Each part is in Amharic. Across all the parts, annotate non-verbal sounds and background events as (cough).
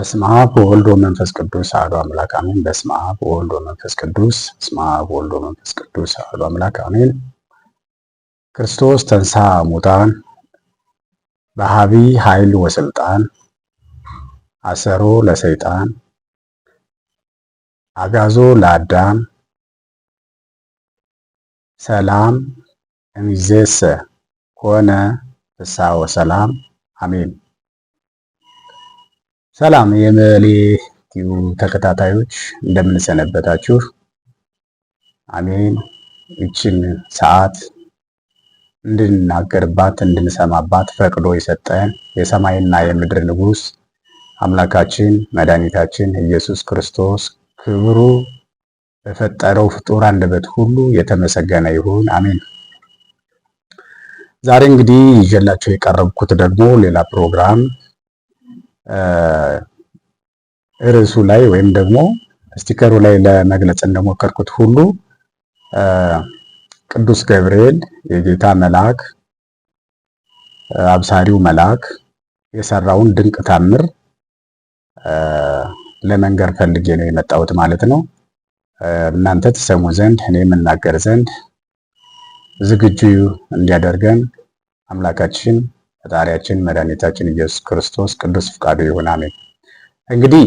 በስመ አብ ወወልድ መንፈስ ቅዱስ አሐዱ አምላክ አሜን። በስመ አብ ወወልድ መንፈስ ቅዱስ በስመ አብ ወወልድ መንፈስ ቅዱስ አሐዱ አምላክ አሜን። ክርስቶስ ተንሥአ እሙታን በሀቢይ ኃይል ወስልጣን አሰሮ ለሰይጣን አጋዞ ለአዳም ሰላም እሚዜሰ ኮነ ፍስሐ ወሰላም አሜን። ሰላም የመሌ ቲዩ ተከታታዮች እንደምንሰነበታችሁ። አሜን። ይችን ሰዓት እንድንናገርባት እንድንሰማባት ፈቅዶ የሰጠን የሰማይና የምድር ንጉሥ አምላካችን መድኃኒታችን ኢየሱስ ክርስቶስ ክብሩ በፈጠረው ፍጡር አንደበት ሁሉ የተመሰገነ ይሁን፣ አሜን። ዛሬ እንግዲህ ይዤላቸው የቀረብኩት ደግሞ ሌላ ፕሮግራም ርዕሱ ላይ ወይም ደግሞ ስቲከሩ ላይ ለመግለጽ እንደሞከርኩት ሁሉ ቅዱስ ገብርኤል የጌታ መልአክ አብሳሪው መልአክ የሰራውን ድንቅ ታምር ለመንገር ፈልጌ ነው የመጣሁት ማለት ነው። እናንተ ትሰሙ ዘንድ እኔ የምናገር ዘንድ ዝግጁ እንዲያደርገን አምላካችን ፈጣሪያችን መድኃኒታችን ኢየሱስ ክርስቶስ ቅዱስ ፍቃዱ ይሁን አሜን። እንግዲህ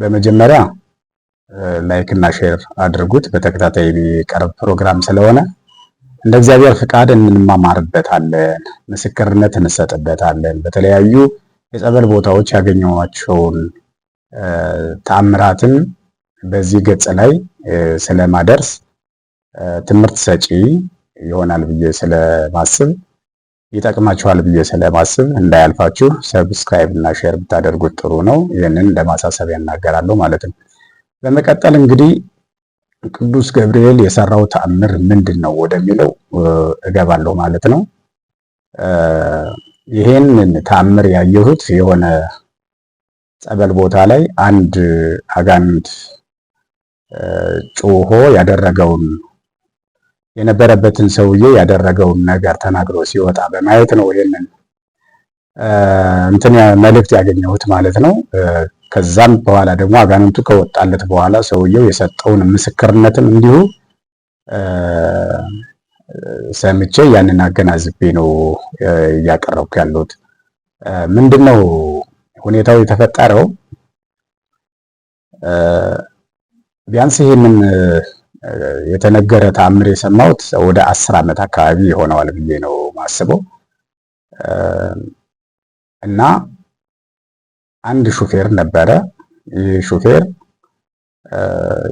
በመጀመሪያ ላይክ እና ሼር አድርጉት። በተከታታይ የሚቀርብ ፕሮግራም ስለሆነ እንደ እግዚአብሔር ፍቃድ እንማማርበታለን፣ ምስክርነት እንሰጥበታለን። በተለያዩ የጸበል ቦታዎች ያገኘኋቸውን ተአምራትን በዚህ ገጽ ላይ ስለማደርስ ትምህርት ሰጪ ይሆናል ብዬ ስለማስብ ይጠቅማችኋል ብዬ ስለማስብ እንዳያልፋችሁ ሰብስክራይብ እና ሼር ብታደርጉት ጥሩ ነው። ይህንን ለማሳሰብ ማሳሰቢያ እናገራለሁ ማለት ነው። በመቀጠል እንግዲህ ቅዱስ ገብርኤል የሰራው ተአምር ምንድን ነው ወደሚለው እገባለሁ ማለት ነው። ይህንን ተአምር ያየሁት የሆነ ጸበል ቦታ ላይ አንድ አጋንንት ጮሆ ያደረገውን የነበረበትን ሰውዬ ያደረገውን ነገር ተናግሮ ሲወጣ በማየት ነው ይሄንን እንትን መልእክት ያገኘሁት ማለት ነው። ከዛም በኋላ ደግሞ አጋንንቱ ከወጣለት በኋላ ሰውየው የሰጠውን ምስክርነትም እንዲሁ ሰምቼ ያንን አገናዝቤ ነው እያቀረብኩ ያለሁት። ምንድን ነው ሁኔታው የተፈጠረው ቢያንስ ይህንን የተነገረ ተአምር የሰማሁት ወደ አስር ዓመት አካባቢ የሆነዋል ብዬ ነው ማስበው እና አንድ ሹፌር ነበረ። ይህ ሹፌር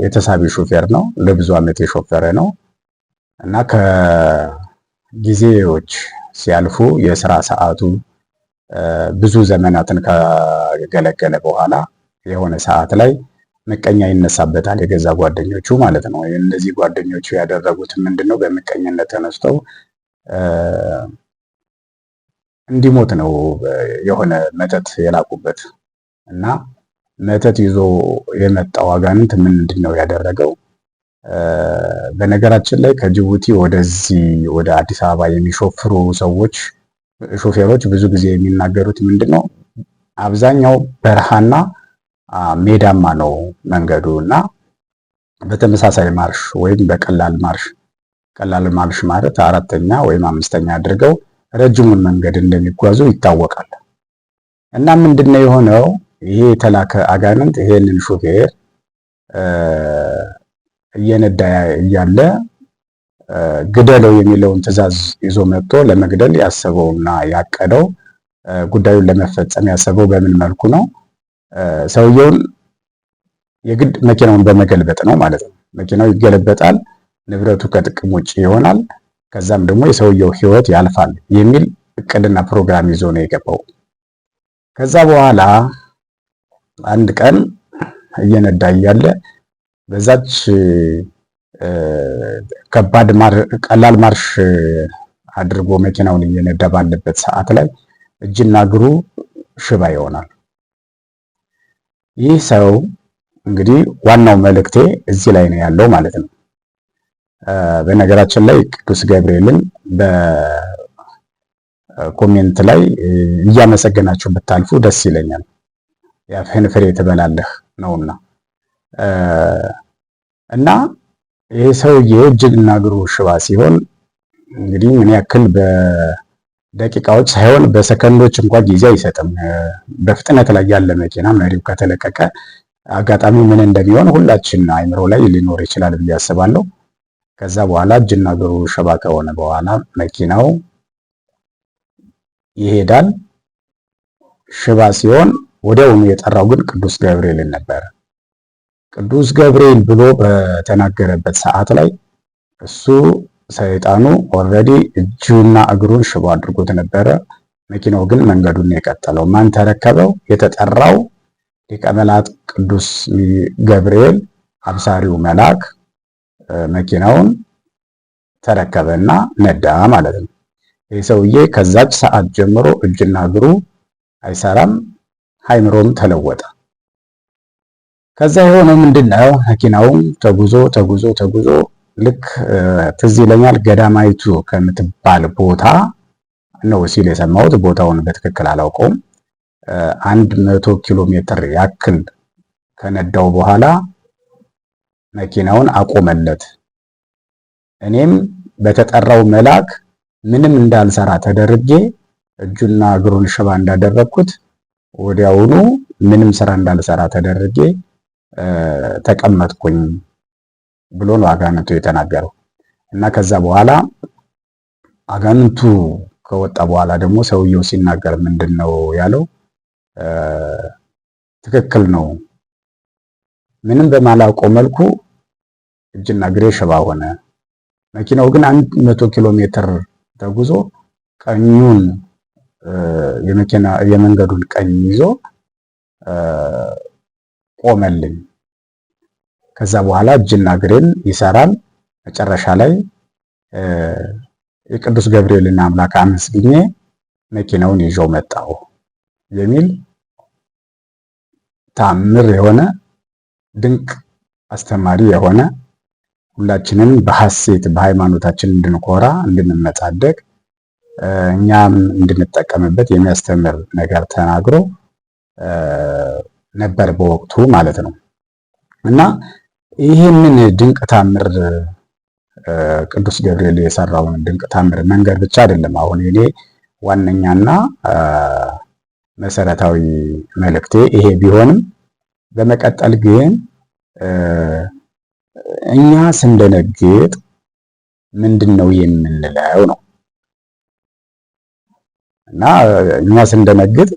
የተሳቢ ሹፌር ነው። ለብዙ ዓመት የሾፈረ ነው እና ከጊዜዎች ሲያልፉ የስራ ሰዓቱ ብዙ ዘመናትን ከገለገለ በኋላ የሆነ ሰዓት ላይ ምቀኛ ይነሳበታል፣ የገዛ ጓደኞቹ ማለት ነው። እነዚህ ጓደኞቹ ያደረጉት ምንድን ነው? በምቀኝነት ተነስተው እንዲሞት ነው የሆነ መተት የላቁበት እና መተት ይዞ የመጣው አጋንንት ምንድን ነው ያደረገው? በነገራችን ላይ ከጅቡቲ ወደዚህ ወደ አዲስ አበባ የሚሾፍሩ ሰዎች ሾፌሮች ብዙ ጊዜ የሚናገሩት ምንድን ነው? አብዛኛው በረሃና ሜዳማ ነው መንገዱ እና በተመሳሳይ ማርሽ ወይም በቀላል ማርሽ ቀላል ማርሽ ማለት አራተኛ ወይም አምስተኛ አድርገው ረጅሙን መንገድ እንደሚጓዙ ይታወቃል። እና ምንድነው የሆነው? ይሄ የተላከ አጋንንት ይሄንን ሹፌር እየነዳ እያለ ግደለው የሚለውን ትዕዛዝ ይዞ መጥቶ ለመግደል ያሰበውና ያቀደው ጉዳዩን ለመፈጸም ያሰበው በምን መልኩ ነው? ሰውየውን የግድ መኪናውን በመገልበጥ ነው ማለት ነው። መኪናው ይገለበጣል፣ ንብረቱ ከጥቅም ውጭ ይሆናል፣ ከዛም ደግሞ የሰውየው ህይወት ያልፋል የሚል እቅድና ፕሮግራም ይዞ ነው የገባው። ከዛ በኋላ አንድ ቀን እየነዳ እያለ በዛች ከባድ ቀላል ማርሽ አድርጎ መኪናውን እየነዳ ባለበት ሰዓት ላይ እጅና እግሩ ሽባ ይሆናል። ይህ ሰው እንግዲህ ዋናው መልእክቴ እዚህ ላይ ነው ያለው ማለት ነው። በነገራችን ላይ ቅዱስ ገብርኤልን በኮሜንት ላይ እያመሰገናችሁ ብታልፉ ደስ ይለኛል። የአፍህን ፍሬ ትበላለህ ነውና እና ይህ ሰውዬ እጅግና እግሩ ሽባ ሲሆን እንግዲህ ምን ያክል ደቂቃዎች ሳይሆን በሰከንዶች እንኳ ጊዜ አይሰጥም። በፍጥነት ላይ ያለ መኪና መሪው ከተለቀቀ አጋጣሚ ምን እንደሚሆን ሁላችን አይምሮ ላይ ሊኖር ይችላል ብዬ አስባለሁ። ከዛ በኋላ እጅና እግሩ ሸባ ከሆነ በኋላ መኪናው ይሄዳል። ሽባ ሲሆን ወዲያውኑ የጠራው ግን ቅዱስ ገብርኤልን ነበር። ቅዱስ ገብርኤል ብሎ በተናገረበት ሰዓት ላይ እሱ ሰይጣኑ ኦልሬዲ እጁና እግሩን ሽቦ አድርጎት ነበረ። መኪናው ግን መንገዱን የቀጠለው ማን ተረከበው? የተጠራው ሊቀ መላእክት ቅዱስ ገብርኤል አብሳሪው መልአክ መኪናውን ተረከበና ነዳ ማለት ነው። ይህ ሰውዬ ከዛች ሰዓት ጀምሮ እጅና እግሩ አይሰራም፣ ሃይምሮም ተለወጠ። ከዛ የሆነው ምንድን ነው? መኪናውም ተጉዞ ተጉዞ ተጉዞ ልክ ትዝ ይለኛል ገዳማይቱ ከምትባል ቦታ ነው ሲል የሰማሁት። ቦታውን በትክክል አላውቀውም። አንድ መቶ ኪሎ ሜትር ያክል ከነዳው በኋላ መኪናውን አቆመለት። እኔም በተጠራው መልአክ ምንም እንዳልሰራ ተደርጌ እጁና እግሩን ሽባ እንዳደረግኩት ወዲያውኑ ምንም ስራ እንዳልሰራ ተደርጌ ተቀመጥኩኝ። ብሎ ነው አጋንንቱ የተናገረው እና ከዛ በኋላ አጋንንቱ ከወጣ በኋላ ደግሞ ሰውየው ሲናገር ምንድን ነው ያለው? ትክክል ነው። ምንም በማላውቀው መልኩ እጅና እግሬ ሽባ ሆነ። መኪናው ግን አንድ መቶ ኪሎ ሜትር ተጉዞ ቀኙን የመኪና የመንገዱን ቀኝ ይዞ ቆመልኝ። ከዛ በኋላ እጅና እግሬን ይሰራል። መጨረሻ ላይ የቅዱስ ገብርኤልና አምላክ አመስግኜ መኪናውን ይዤው መጣሁ የሚል ታምር የሆነ ድንቅ አስተማሪ የሆነ ሁላችንን በሐሴት በሃይማኖታችን እንድንኮራ እንድንመጻደቅ እኛም እንድንጠቀምበት የሚያስተምር ነገር ተናግሮ ነበር በወቅቱ ማለት ነው እና ይህንን ድንቅ ታምር ቅዱስ ገብርኤል የሰራውን ድንቅ ታምር መንገድ ብቻ አይደለም። አሁን እኔ ዋነኛና መሰረታዊ መልእክቴ ይሄ ቢሆንም በመቀጠል ግን እኛ ስንደነግጥ ምንድን ነው የምንለው ነው እና እኛ ስንደነግጥ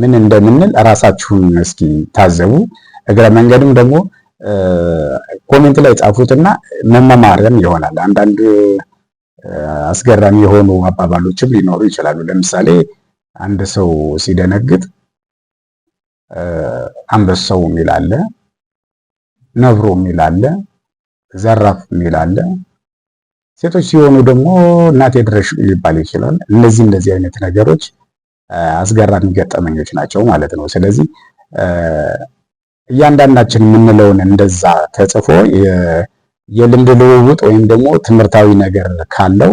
ምን እንደምንል እራሳችሁን እስኪ ታዘቡ። እግረ መንገድም ደግሞ ኮሜንት ላይ ጻፉትና መመማርም ይሆናል። አንዳንድ አስገራሚ የሆኑ አባባሎችም ሊኖሩ ይችላሉ። ለምሳሌ አንድ ሰው ሲደነግጥ አንበሳው የሚል አለ፣ ነብሮ የሚል አለ፣ ዘራፍ የሚል አለ። ሴቶች ሲሆኑ ደግሞ እናቴ ድረሽ ሊባል ይችላል። እነዚህ እንደዚህ አይነት ነገሮች አስገራሚ ገጠመኞች ናቸው ማለት ነው። ስለዚህ እያንዳንዳችን የምንለውን እንደዛ ተጽፎ የልምድ ልውውጥ ወይም ደግሞ ትምህርታዊ ነገር ካለው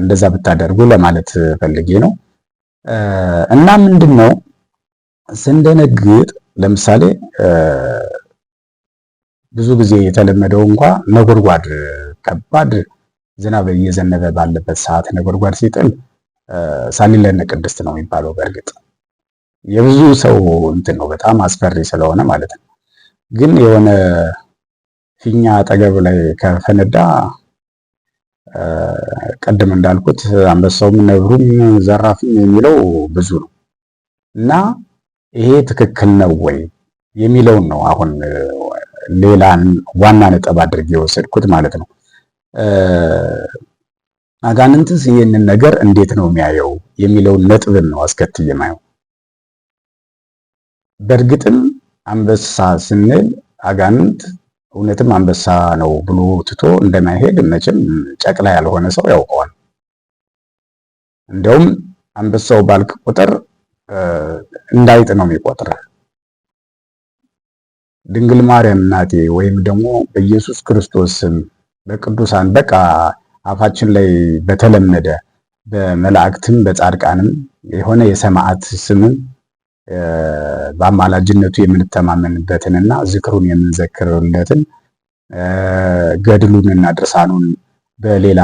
እንደዛ ብታደርጉ ለማለት ፈልጌ ነው። እና ምንድን ነው ስንደነግጥ ለምሳሌ ብዙ ጊዜ የተለመደው እንኳ ነጎድጓድ ከባድ ዝናብ እየዘነበ ባለበት ሰዓት ነጎድጓድ ሲጥል ሳሊለነ ቅድስት ነው የሚባለው በእርግጥ የብዙ ሰው እንትን ነው በጣም አስፈሪ ስለሆነ ማለት ነው። ግን የሆነ ፊኛ አጠገብ ላይ ከፈነዳ ቀደም እንዳልኩት አንበሳውም ነብሩም ዘራፊም የሚለው ብዙ ነው እና ይሄ ትክክል ነው ወይ የሚለውን ነው አሁን ሌላን ዋና ነጥብ አድርጌ የወሰድኩት ማለት ነው። አጋንንትስ ይህንን ነገር እንዴት ነው የሚያየው የሚለውን ነጥብን ነው አስከትዬ ማየው። በእርግጥም አንበሳ ስንል አጋንንት እውነትም አንበሳ ነው ብሎ ትቶ እንደማይሄድ መቼም ጨቅላ ያልሆነ ሰው ያውቀዋል። እንደውም አንበሳው ባልክ ቁጥር እንዳይጥ ነው የሚቆጥር። ድንግል ማርያም እናቴ ወይም ደግሞ በኢየሱስ ክርስቶስ ስም በቅዱሳን በቃ አፋችን ላይ በተለመደ በመላእክትም በጻድቃንም የሆነ የሰማዕት ስምም በአማላጅነቱ የምንተማመንበትንና ዝክሩን የምንዘክርለትን ገድሉንና ድርሳኑን በሌላ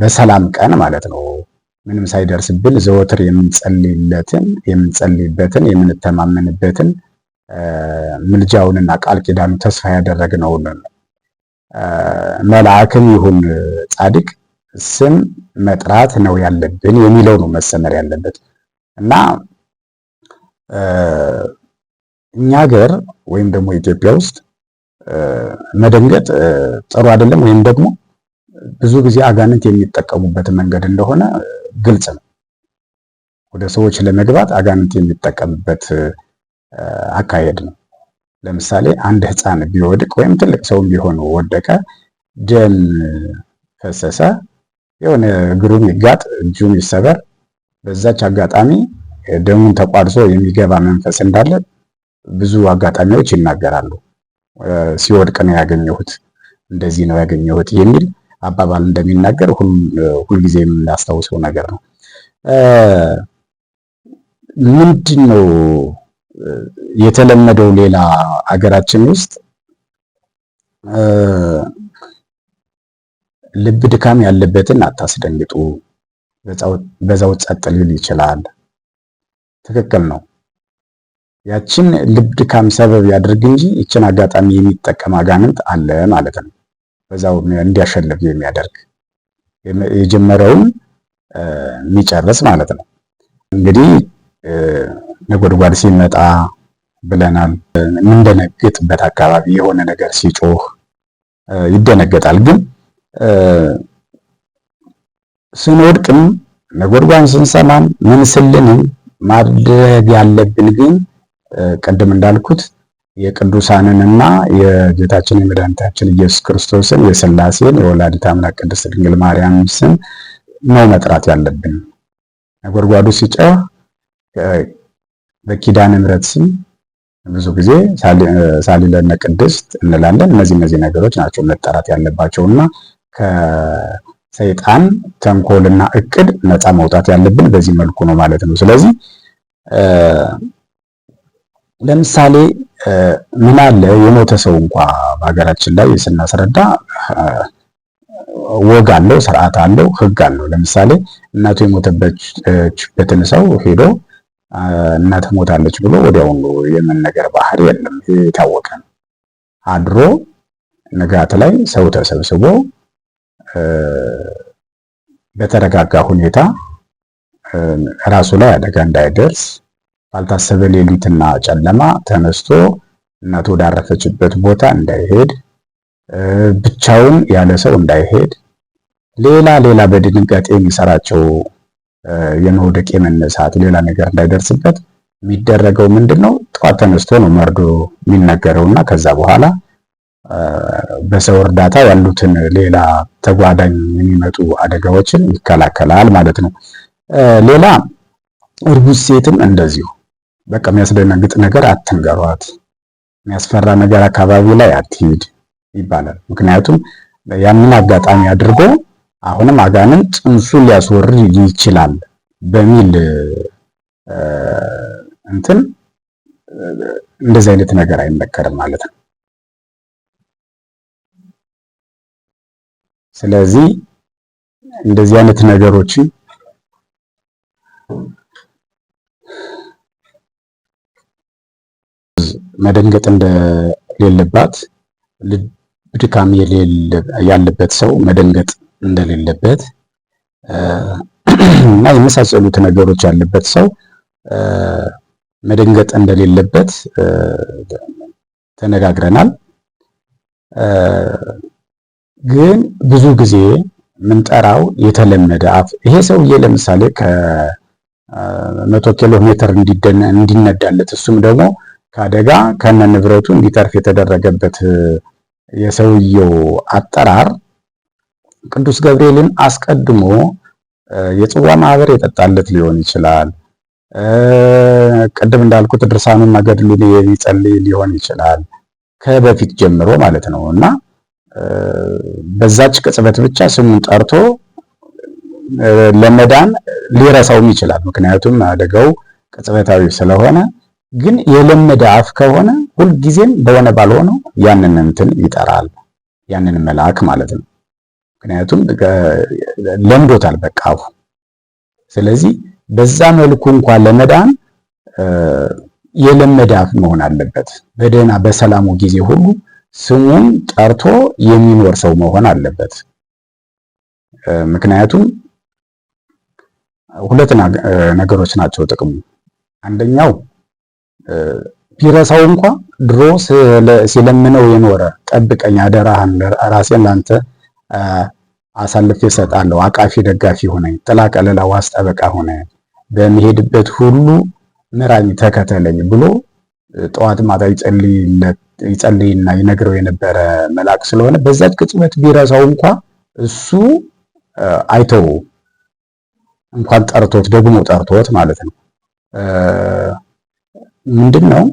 በሰላም ቀን ማለት ነው ምንም ሳይደርስብን ዘወትር የምንጸልይለትን የምንጸልይበትን የምንተማመንበትን ምልጃውንና ቃል ኪዳኑ ተስፋ ያደረግነውን መልአክም ይሁን ጻድቅ ስም መጥራት ነው ያለብን የሚለው ነው መሰመር ያለበት እና እኛ ሀገር ወይም ደግሞ ኢትዮጵያ ውስጥ መደንገጥ ጥሩ አይደለም፣ ወይም ደግሞ ብዙ ጊዜ አጋንንት የሚጠቀሙበት መንገድ እንደሆነ ግልጽ ነው። ወደ ሰዎች ለመግባት አጋንንት የሚጠቀምበት አካሄድ ነው። ለምሳሌ አንድ ሕፃን ቢወድቅ ወይም ትልቅ ሰውም ቢሆን ወደቀ፣ ደም ፈሰሰ፣ የሆነ እግሩም ይጋጥ፣ እጁም ይሰበር፣ በዛች አጋጣሚ ደሙን ተቋርጾ የሚገባ መንፈስ እንዳለ ብዙ አጋጣሚዎች ይናገራሉ። ሲወድቅ ነው ያገኘሁት፣ እንደዚህ ነው ያገኘሁት የሚል አባባል እንደሚናገር ሁልጊዜ የምናስታውሰው ነገር ነው። ምንድን ነው የተለመደው? ሌላ አገራችን ውስጥ ልብ ድካም ያለበትን አታስደንግጡ፣ በዛው ጸጥ ሊል ይችላል ትክክል ነው። ያችን ልብ ድካም ሰበብ ያድርግ እንጂ ይችን አጋጣሚ የሚጠቀም አጋንንት አለ ማለት ነው። በዛው እንዲያሸልብ የሚያደርግ የጀመረውን የሚጨርስ ማለት ነው። እንግዲህ ነጎድጓድ ሲመጣ ብለናል። የምንደነግጥበት አካባቢ የሆነ ነገር ሲጮህ ይደነገጣል። ግን ስንወድቅም ነጎድጓን ስንሰማም ምን ስልንም ማድረግ ያለብን ግን ቅድም እንዳልኩት የቅዱሳንንና የጌታችን የመድኃኒታችን ኢየሱስ ክርስቶስን የስላሴን የወላዲት አምላክ ቅድስት ድንግል ማርያም ስም ነው መጥራት ያለብን። ነጎድጓዱ ሲጮህ በኪዳነ ምሕረት ስም ብዙ ጊዜ ሳሊለነ ቅድስት እንላለን። እነዚህ እነዚህ ነገሮች ናቸው መጠራት ያለባቸውና ሰይጣን ተንኮልና እቅድ ነፃ መውጣት ያለብን በዚህ መልኩ ነው ማለት ነው። ስለዚህ ለምሳሌ ምን አለ የሞተ ሰው እንኳ በሀገራችን ላይ ስናስረዳ ወግ አለው፣ ስርዓት አለው፣ ህግ አለው። ለምሳሌ እናቱ የሞተበችበትን ሰው ሄዶ እናት ሞታለች ብሎ ወዲያውኑ የመነገር ባህል የለም። የታወቀ ነው። አድሮ ንጋት ላይ ሰው ተሰብስቦ በተረጋጋ ሁኔታ ራሱ ላይ አደጋ እንዳይደርስ ባልታሰበ ሌሊትና ጨለማ ተነስቶ እናቱ ወዳረፈችበት ቦታ እንዳይሄድ፣ ብቻውን ያለ ሰው እንዳይሄድ፣ ሌላ ሌላ በድንጋጤ የሚሰራቸው የመውደቅ የመነሳት ሌላ ነገር እንዳይደርስበት የሚደረገው ምንድን ነው? ጠዋት ተነስቶ ነው መርዶ እና ከዛ በኋላ በሰው እርዳታ ያሉትን ሌላ ተጓዳኝ የሚመጡ አደጋዎችን ይከላከላል ማለት ነው። ሌላ እርጉዝ ሴትም እንደዚሁ በቃ የሚያስደነግጥ ነገር አትንገሯት፣ የሚያስፈራ ነገር አካባቢ ላይ አትሂድ ይባላል። ምክንያቱም ያንን አጋጣሚ አድርጎ አሁንም አጋንን ጽንሱን ሊያስወርድ ይችላል በሚል እንትን እንደዚህ አይነት ነገር አይመከርም ማለት ነው። ስለዚህ እንደዚህ አይነት ነገሮችን መደንገጥ እንደሌለባት ድካም ያለበት ሰው መደንገጥ እንደሌለበት (clears throat) እና የመሳሰሉት ነገሮች ያለበት ሰው መደንገጥ እንደሌለበት ተነጋግረናል። ግን ብዙ ጊዜ የምንጠራው የተለመደ አፍ ይሄ ሰውዬ ለምሳሌ ከመቶ ኪሎ ሜትር እንዲነዳለት እሱም ደግሞ ከአደጋ ከነ ንብረቱ እንዲተርፍ የተደረገበት የሰውየው አጠራር ቅዱስ ገብርኤልን አስቀድሞ የጽዋ ማህበር የጠጣለት ሊሆን ይችላል። ቅድም እንዳልኩት ድርሳኑን መገድሉን የሚጸልይ ሊሆን ይችላል። ከበፊት ጀምሮ ማለት ነው እና በዛች ቅጽበት ብቻ ስሙን ጠርቶ ለመዳን ሊረሳውም ይችላል። ምክንያቱም አደጋው ቅጽበታዊ ስለሆነ። ግን የለመደ አፍ ከሆነ ሁልጊዜም በሆነ ባልሆነው ያንን እንትን ይጠራል፣ ያንን መልአክ ማለት ነው። ምክንያቱም ለምዶታል በቃ አፉ። ስለዚህ በዛ መልኩ እንኳን ለመዳን የለመደ አፍ መሆን አለበት። በደህና በሰላሙ ጊዜ ሁሉ ስሙን ጠርቶ የሚኖር ሰው መሆን አለበት። ምክንያቱም ሁለት ነገሮች ናቸው ጥቅሙ። አንደኛው ቢረሳው እንኳ ድሮ ሲለምነው የኖረ ጠብቀኝ፣ አደራህን ራሴን ለአንተ አሳልፌ እሰጣለሁ፣ አቃፊ ደጋፊ ሆነ ጥላ ቀለላ፣ ዋስ ጠበቃ ሆነ፣ በሚሄድበት ሁሉ ምራኝ፣ ተከተለኝ ብሎ ጠዋት ማታ ይጸልይለት ይጸልይና ይነግረው የነበረ መልአክ ስለሆነ በዛች ቅጽበት ቢረሳው እንኳ እሱ አይተው እንኳን ጠርቶት ደግሞ ጠርቶት ማለት ነው። ምንድን ነው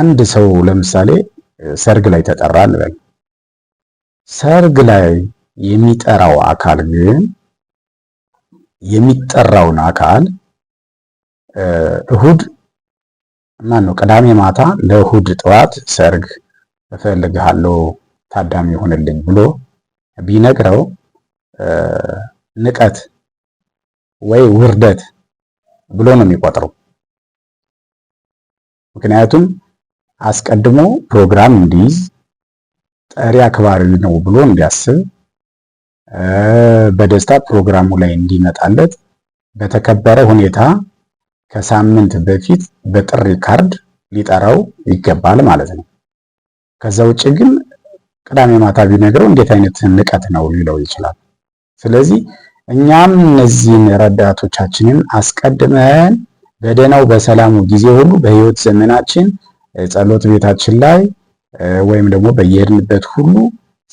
አንድ ሰው ለምሳሌ ሰርግ ላይ ተጠራ እንበል። ሰርግ ላይ የሚጠራው አካል ግን የሚጠራውን አካል እሁድ እና ነው ቅዳሜ ማታ ለእሁድ ጠዋት ሰርግ እፈልግሃለሁ ታዳሚ ይሆንልኝ ብሎ ቢነግረው ንቀት ወይ ውርደት ብሎ ነው የሚቆጥረው። ምክንያቱም አስቀድሞ ፕሮግራም እንዲይዝ ጠሪ አክባሪ ነው ብሎ እንዲያስብ በደስታ ፕሮግራሙ ላይ እንዲመጣለት በተከበረ ሁኔታ ከሳምንት በፊት በጥሪ ካርድ ሊጠራው ይገባል ማለት ነው። ከዛ ውጭ ግን ቅዳሜ ማታ ቢነግረው እንዴት አይነት ንቀት ነው ሊለው ይችላል። ስለዚህ እኛም እነዚህን ረዳቶቻችንን አስቀድመን በደህናው በሰላሙ ጊዜ ሁሉ በህይወት ዘመናችን ጸሎት ቤታችን ላይ ወይም ደግሞ በየሄድንበት ሁሉ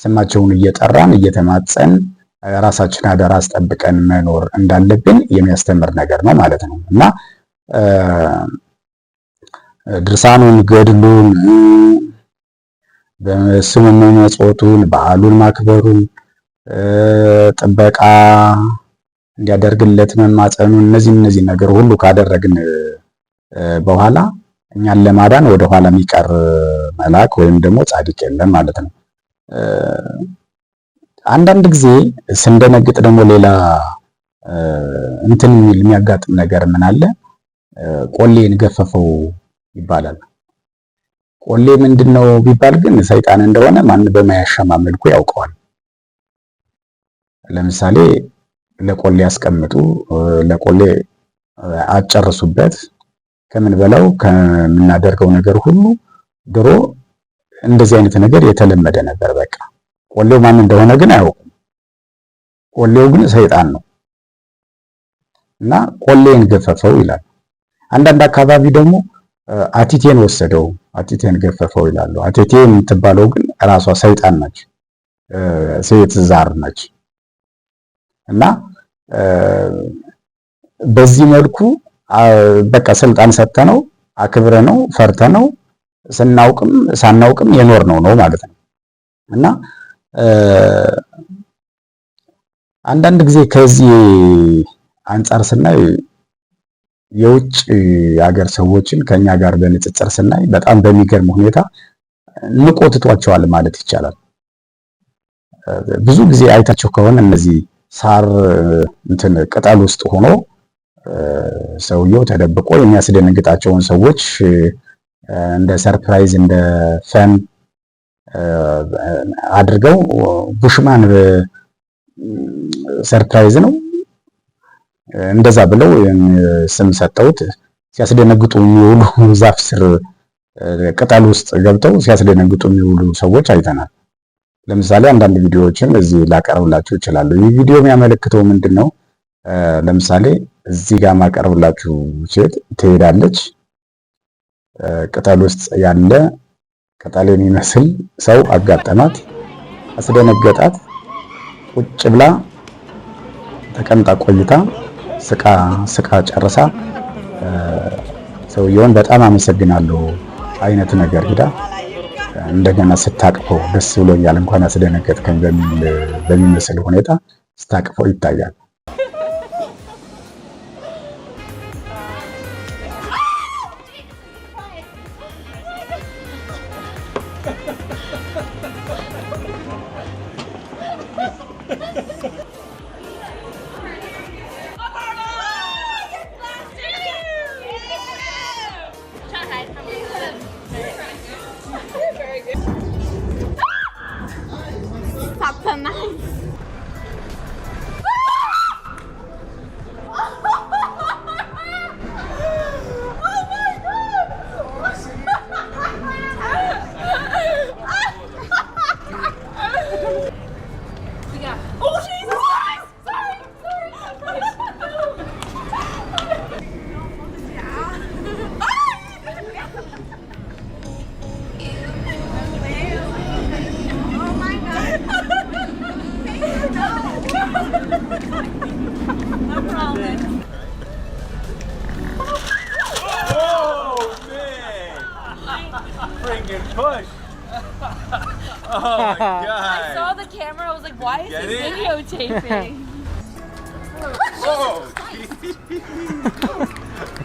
ስማቸውን እየጠራን እየተማጸን ራሳችን አደራ አስጠብቀን መኖር እንዳለብን የሚያስተምር ነገር ነው ማለት ነው እና ድርሳኑን፣ ገድሉን፣ ስሙን መመጽወቱን፣ በዓሉን ማክበሩን፣ ጥበቃ እንዲያደርግለት መማፀኑን እነዚህ እነዚህ ነገር ሁሉ ካደረግን በኋላ እኛን ለማዳን ወደ ኋላ የሚቀር መልአክ ወይም ደግሞ ጻድቅ የለም ማለት ነው። አንዳንድ ጊዜ ስንደነግጥ ደግሞ ሌላ እንትን የሚል የሚያጋጥም ነገር ምን አለ? ቆሌን ገፈፈው ይባላል። ቆሌ ምንድነው ነው ቢባል ግን ሰይጣን እንደሆነ ማን በማያሻማ መልኩ ያውቀዋል። ለምሳሌ ለቆሌ አስቀምጡ፣ ለቆሌ አጨርሱበት፣ ከምን በላው ከምናደርገው ነገር ሁሉ ድሮ እንደዚህ አይነት ነገር የተለመደ ነበር። በቃ ቆሌው ማን እንደሆነ ግን አያውቁም። ቆሌው ግን ሰይጣን ነው እና ቆሌን ገፈፈው ይላል። አንዳንድ አካባቢ ደግሞ አቲቴን ወሰደው አቲቴን ገፈፈው ይላሉ። አቲቴ የምትባለው ግን ራሷ ሰይጣን ነች፣ ሴት ዛር ነች። እና በዚህ መልኩ በቃ ስልጣን ሰጥተ ነው አክብረ ነው ፈርተ ነው ስናውቅም ሳናውቅም የኖር ነው ነው ማለት ነው እና አንዳንድ ጊዜ ከዚህ አንጻር ስናይ የውጭ ሀገር ሰዎችን ከኛ ጋር በንጽጽር ስናይ በጣም በሚገርም ሁኔታ ንቆትቷቸዋል ማለት ይቻላል። ብዙ ጊዜ አይታቸው ከሆነ እነዚህ ሳር እንትን ቅጠል ውስጥ ሆኖ ሰውየው ተደብቆ የሚያስደነግጣቸውን ሰዎች እንደ ሰርፕራይዝ እንደ ፈን አድርገው ቡሽማን ሰርፕራይዝ ነው እንደዛ ብለው ስም ሰጠውት። ሲያስደነግጡ የሚውሉ ዛፍ ስር ቅጠል ውስጥ ገብተው ሲያስደነግጡ የሚውሉ ሰዎች አይተናል። ለምሳሌ አንዳንድ ቪዲዮዎችን እዚህ ላቀርብላችሁ ይችላሉ። ይህ ቪዲዮ የሚያመለክተው ምንድን ነው? ለምሳሌ እዚህ ጋር ማቀርብላችሁ ሴት ትሄዳለች። ቅጠል ውስጥ ያለ ቅጠል የሚመስል ሰው አጋጠማት፣ አስደነገጣት። ቁጭ ብላ ተቀምጣ ቆይታ ስቃ ስቃ ጨርሳ ሰውየውን በጣም አመሰግናለሁ አይነት ነገር ሄዳ እንደገና ስታቅፈው ደስ ብሎኛል እንኳን አስደነገጥከኝ በሚመስል ሁኔታ ስታቅፈው ይታያል።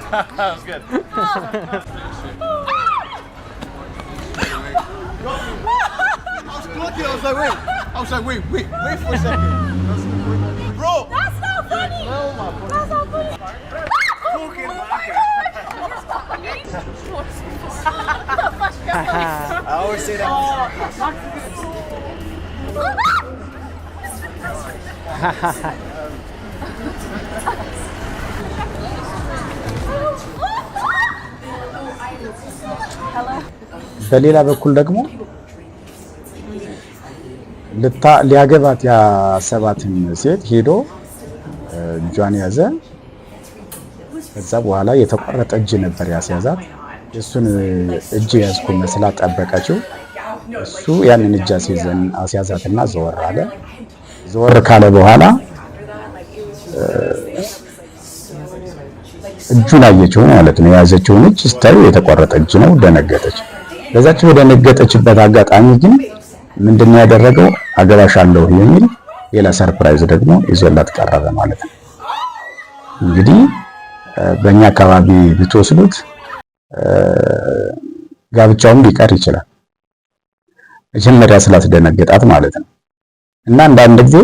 that was good. I was blocking, I was like, wait. I was like, wait, wait, wait for a second. Bro! That's not funny! That's not funny! Fucking oh I always say that. በሌላ በኩል ደግሞ ሊያገባት ያሰባትን ሴት ሄዶ እጇን ያዘ። ከዛ በኋላ የተቆረጠ እጅ ነበር ያስያዛት። እሱን እጅ ያዝኩ መስላ ጠበቀችው። እሱ ያንን እጅ አስያዛትና ዘወር አለ። ዘወር ካለ በኋላ እጁን አየችው ማለት ነው። የያዘችውን እጅ ስታዩ የተቆረጠ እጅ ነው። ደነገጠች። በዛችው በደነገጠችበት አጋጣሚ ግን ምንድን ነው ያደረገው? አገባሻለሁ የሚል ሌላ ሰርፕራይዝ ደግሞ ይዞላት ቀረበ ማለት ነው። እንግዲህ በእኛ አካባቢ ብትወስዱት ጋብቻውም ሊቀር ይችላል። መጀመሪያ ስላስደነገጣት ማለት ነው። እና አንዳንድ ጊዜ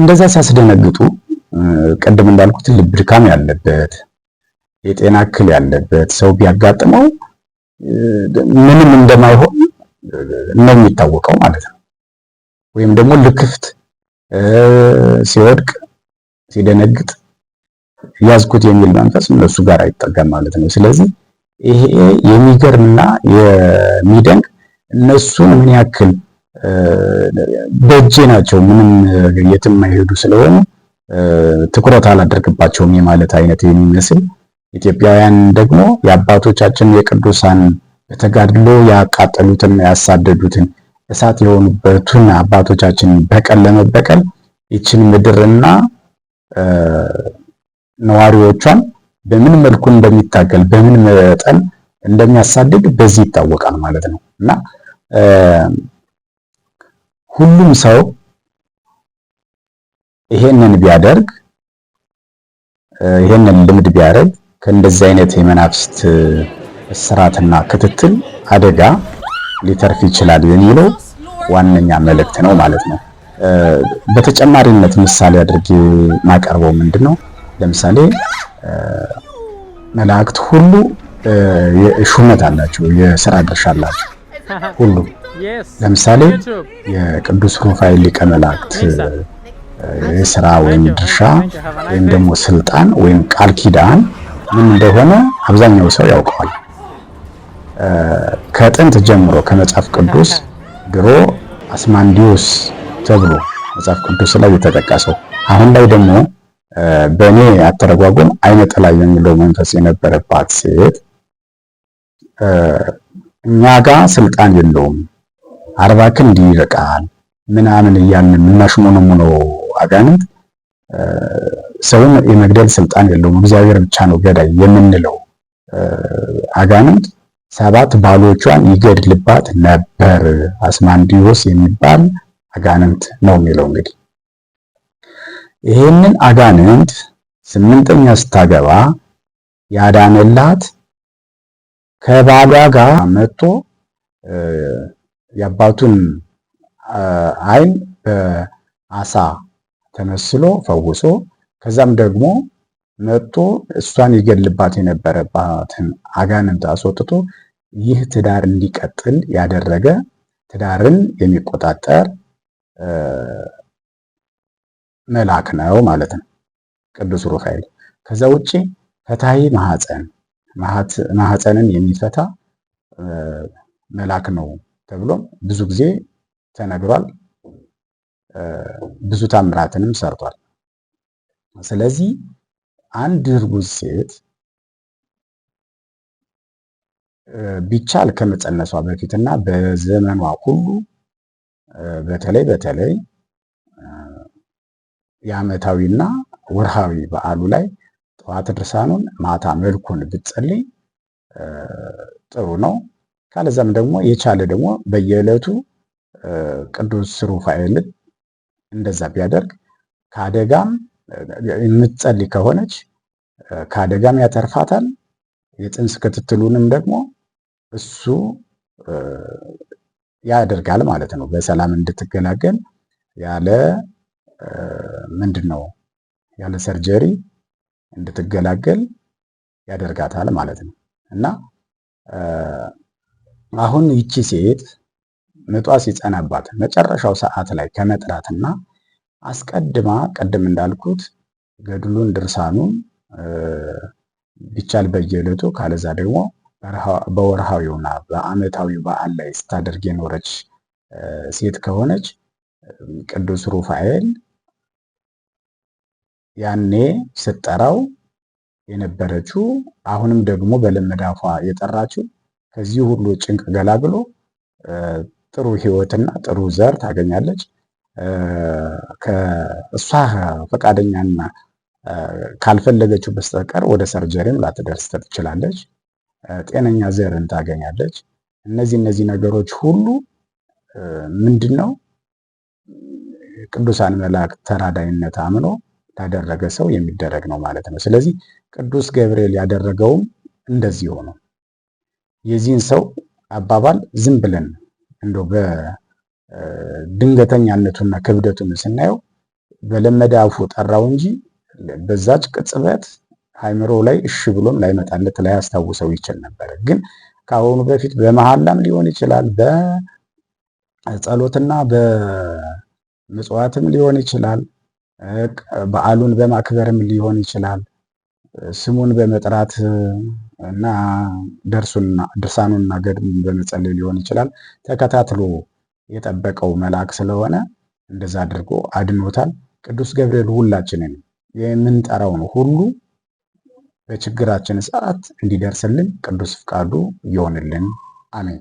እንደዛ ሲያስደነግጡ ቅድም እንዳልኩት ልብ ድካም ያለበት የጤና እክል ያለበት ሰው ቢያጋጥመው ምንም እንደማይሆን ነው የሚታወቀው ማለት ነው። ወይም ደግሞ ልክፍት ሲወድቅ ሲደነግጥ ያዝኩት የሚል መንፈስ እነሱ ጋር አይጠጋም ማለት ነው። ስለዚህ ይሄ የሚገርምና የሚደንቅ እነሱን ምን ያክል በእጄ ናቸው ምንም የትም አይሄዱ ስለሆኑ ትኩረት አላደርግባቸውም የማለት አይነት የሚመስል ኢትዮጵያውያን ደግሞ የአባቶቻችን የቅዱሳን በተጋድሎ ያቃጠሉትን ያሳደዱትን እሳት የሆኑበትን አባቶቻችን በቀል ለመበቀል ይችን ምድርና ነዋሪዎቿን በምን መልኩ እንደሚታገል በምን መጠን እንደሚያሳድድ በዚህ ይታወቃል ማለት ነው እና ሁሉም ሰው ይሄንን ቢያደርግ ይሄንን ልምድ ቢያደርግ ከእንደዚህ አይነት የመናፍስት እስራትና ክትትል አደጋ ሊተርፍ ይችላል የሚለው ዋነኛ መልእክት ነው ማለት ነው። በተጨማሪነት ምሳሌ አድርጌ ማቀርበው ምንድን ነው፣ ለምሳሌ መላእክት ሁሉ ሹመት አላቸው፣ የስራ ድርሻ አላቸው ሁሉ። ለምሳሌ የቅዱስ ሩፋኤል ሊቀ መላእክት የስራ ወይም ድርሻ ወይም ደግሞ ስልጣን ወይም ቃል ኪዳን ምን እንደሆነ አብዛኛው ሰው ያውቀዋል። ከጥንት ጀምሮ ከመጽሐፍ ቅዱስ ድሮ አስማንዲዮስ ተብሎ መጽሐፍ ቅዱስ ላይ የተጠቀሰው አሁን ላይ ደግሞ በእኔ አተረጓጎም አይነ ጥላ የሚለው መንፈስ የነበረባት ሴት እኛ ጋ ስልጣን የለውም፣ አርባ ክንድ ይርቃል ምናምን እያልን የምናሽሞነሙነው አጋንንት ሰውን የመግደል ስልጣን የለውም፣ እግዚአብሔር ብቻ ነው ገዳይ የምንለው አጋንንት ሰባት ባሎቿን ይገድልባት ነበር። አስማንዲዮስ የሚባል አጋንንት ነው የሚለው እንግዲህ ይህንን አጋንንት ስምንተኛ ስታገባ ያዳነላት ከባሏ ጋር መጥቶ የአባቱን አይን በአሳ ተመስሎ ፈውሶ ከዛም ደግሞ መጥቶ እሷን ይገልባት የነበረባትን አጋንንት አስወጥቶ ይህ ትዳር እንዲቀጥል ያደረገ ትዳርን የሚቆጣጠር መልአክ ነው ማለት ነው ቅዱስ ሩፋኤል። ከዛ ውጭ ፈታሒ ማህፀን ማህፀንን የሚፈታ መልአክ ነው ተብሎም ብዙ ጊዜ ተነግሯል። ብዙ ታምራትንም ሰርቷል። ስለዚህ አንድ እርጉዝ ሴት ቢቻል ከመጸነሷ በፊትና በዘመኗ ሁሉ በተለይ በተለይ የዓመታዊና ወርሃዊ በዓሉ ላይ ጠዋት ድርሳኑን ማታ መልኩን ብትጸልይ ጥሩ ነው። ካለዛም ደግሞ የቻለ ደግሞ በየዕለቱ ቅዱስ ሩፋኤልን እንደዛ ቢያደርግ ከአደጋም የምትጸልይ ከሆነች ከአደጋም ያተርፋታል። የፅንስ ክትትሉንም ደግሞ እሱ ያደርጋል ማለት ነው። በሰላም እንድትገላገል ያለ ምንድን ነው ያለ ሰርጀሪ እንድትገላገል ያደርጋታል ማለት ነው እና አሁን ይቺ ሴት ምጧ ሲጸናባት መጨረሻው ሰዓት ላይ ከመጥራትና አስቀድማ ቀደም እንዳልኩት ገድሉን ድርሳኑን ቢቻል በየዕለቱ ካለዛ ደግሞ በወርሃዊውና በአመታዊ በዓል ላይ ስታደርግ የኖረች ሴት ከሆነች ቅዱስ ሩፋኤል ያኔ ስትጠራው የነበረችው አሁንም ደግሞ በለመዳፏ የጠራችው ከዚህ ሁሉ ጭንቅ ገላግሎ ጥሩ ህይወትና ጥሩ ዘር ታገኛለች። ከእሷ ፈቃደኛና ካልፈለገችው በስተቀር ወደ ሰርጀሪም ላትደርስ ትችላለች። ጤነኛ ዘርን ታገኛለች። እነዚህ እነዚህ ነገሮች ሁሉ ምንድን ነው ቅዱሳን መላእክት ተራዳይነት አምኖ ላደረገ ሰው የሚደረግ ነው ማለት ነው። ስለዚህ ቅዱስ ገብርኤል ያደረገውም እንደዚህ ሆኖ የዚህን ሰው አባባል ዝም ብለን እንደው በድንገተኛነቱና ክብደቱን ስናየው በለመደ አፉ ጠራው እንጂ በዛች ቅጽበት አይምሮ ላይ እሺ ብሎም ላይመጣለት ላያስታውሰው ይችል ነበር። ግን ከአሁኑ በፊት በመሐላም ሊሆን ይችላል፣ በጸሎትና በምጽዋትም ሊሆን ይችላል፣ በዓሉን በማክበርም ሊሆን ይችላል፣ ስሙን በመጥራት እና ድርሳኑና ገድሉን በመጸለይ ሊሆን ይችላል። ተከታትሎ የጠበቀው መልአክ ስለሆነ እንደዛ አድርጎ አድኖታል። ቅዱስ ገብርኤል ሁላችንን የምንጠራውን ሁሉ በችግራችን ሰዓት እንዲደርስልን ቅዱስ ፍቃዱ ይሆንልን። አሜን።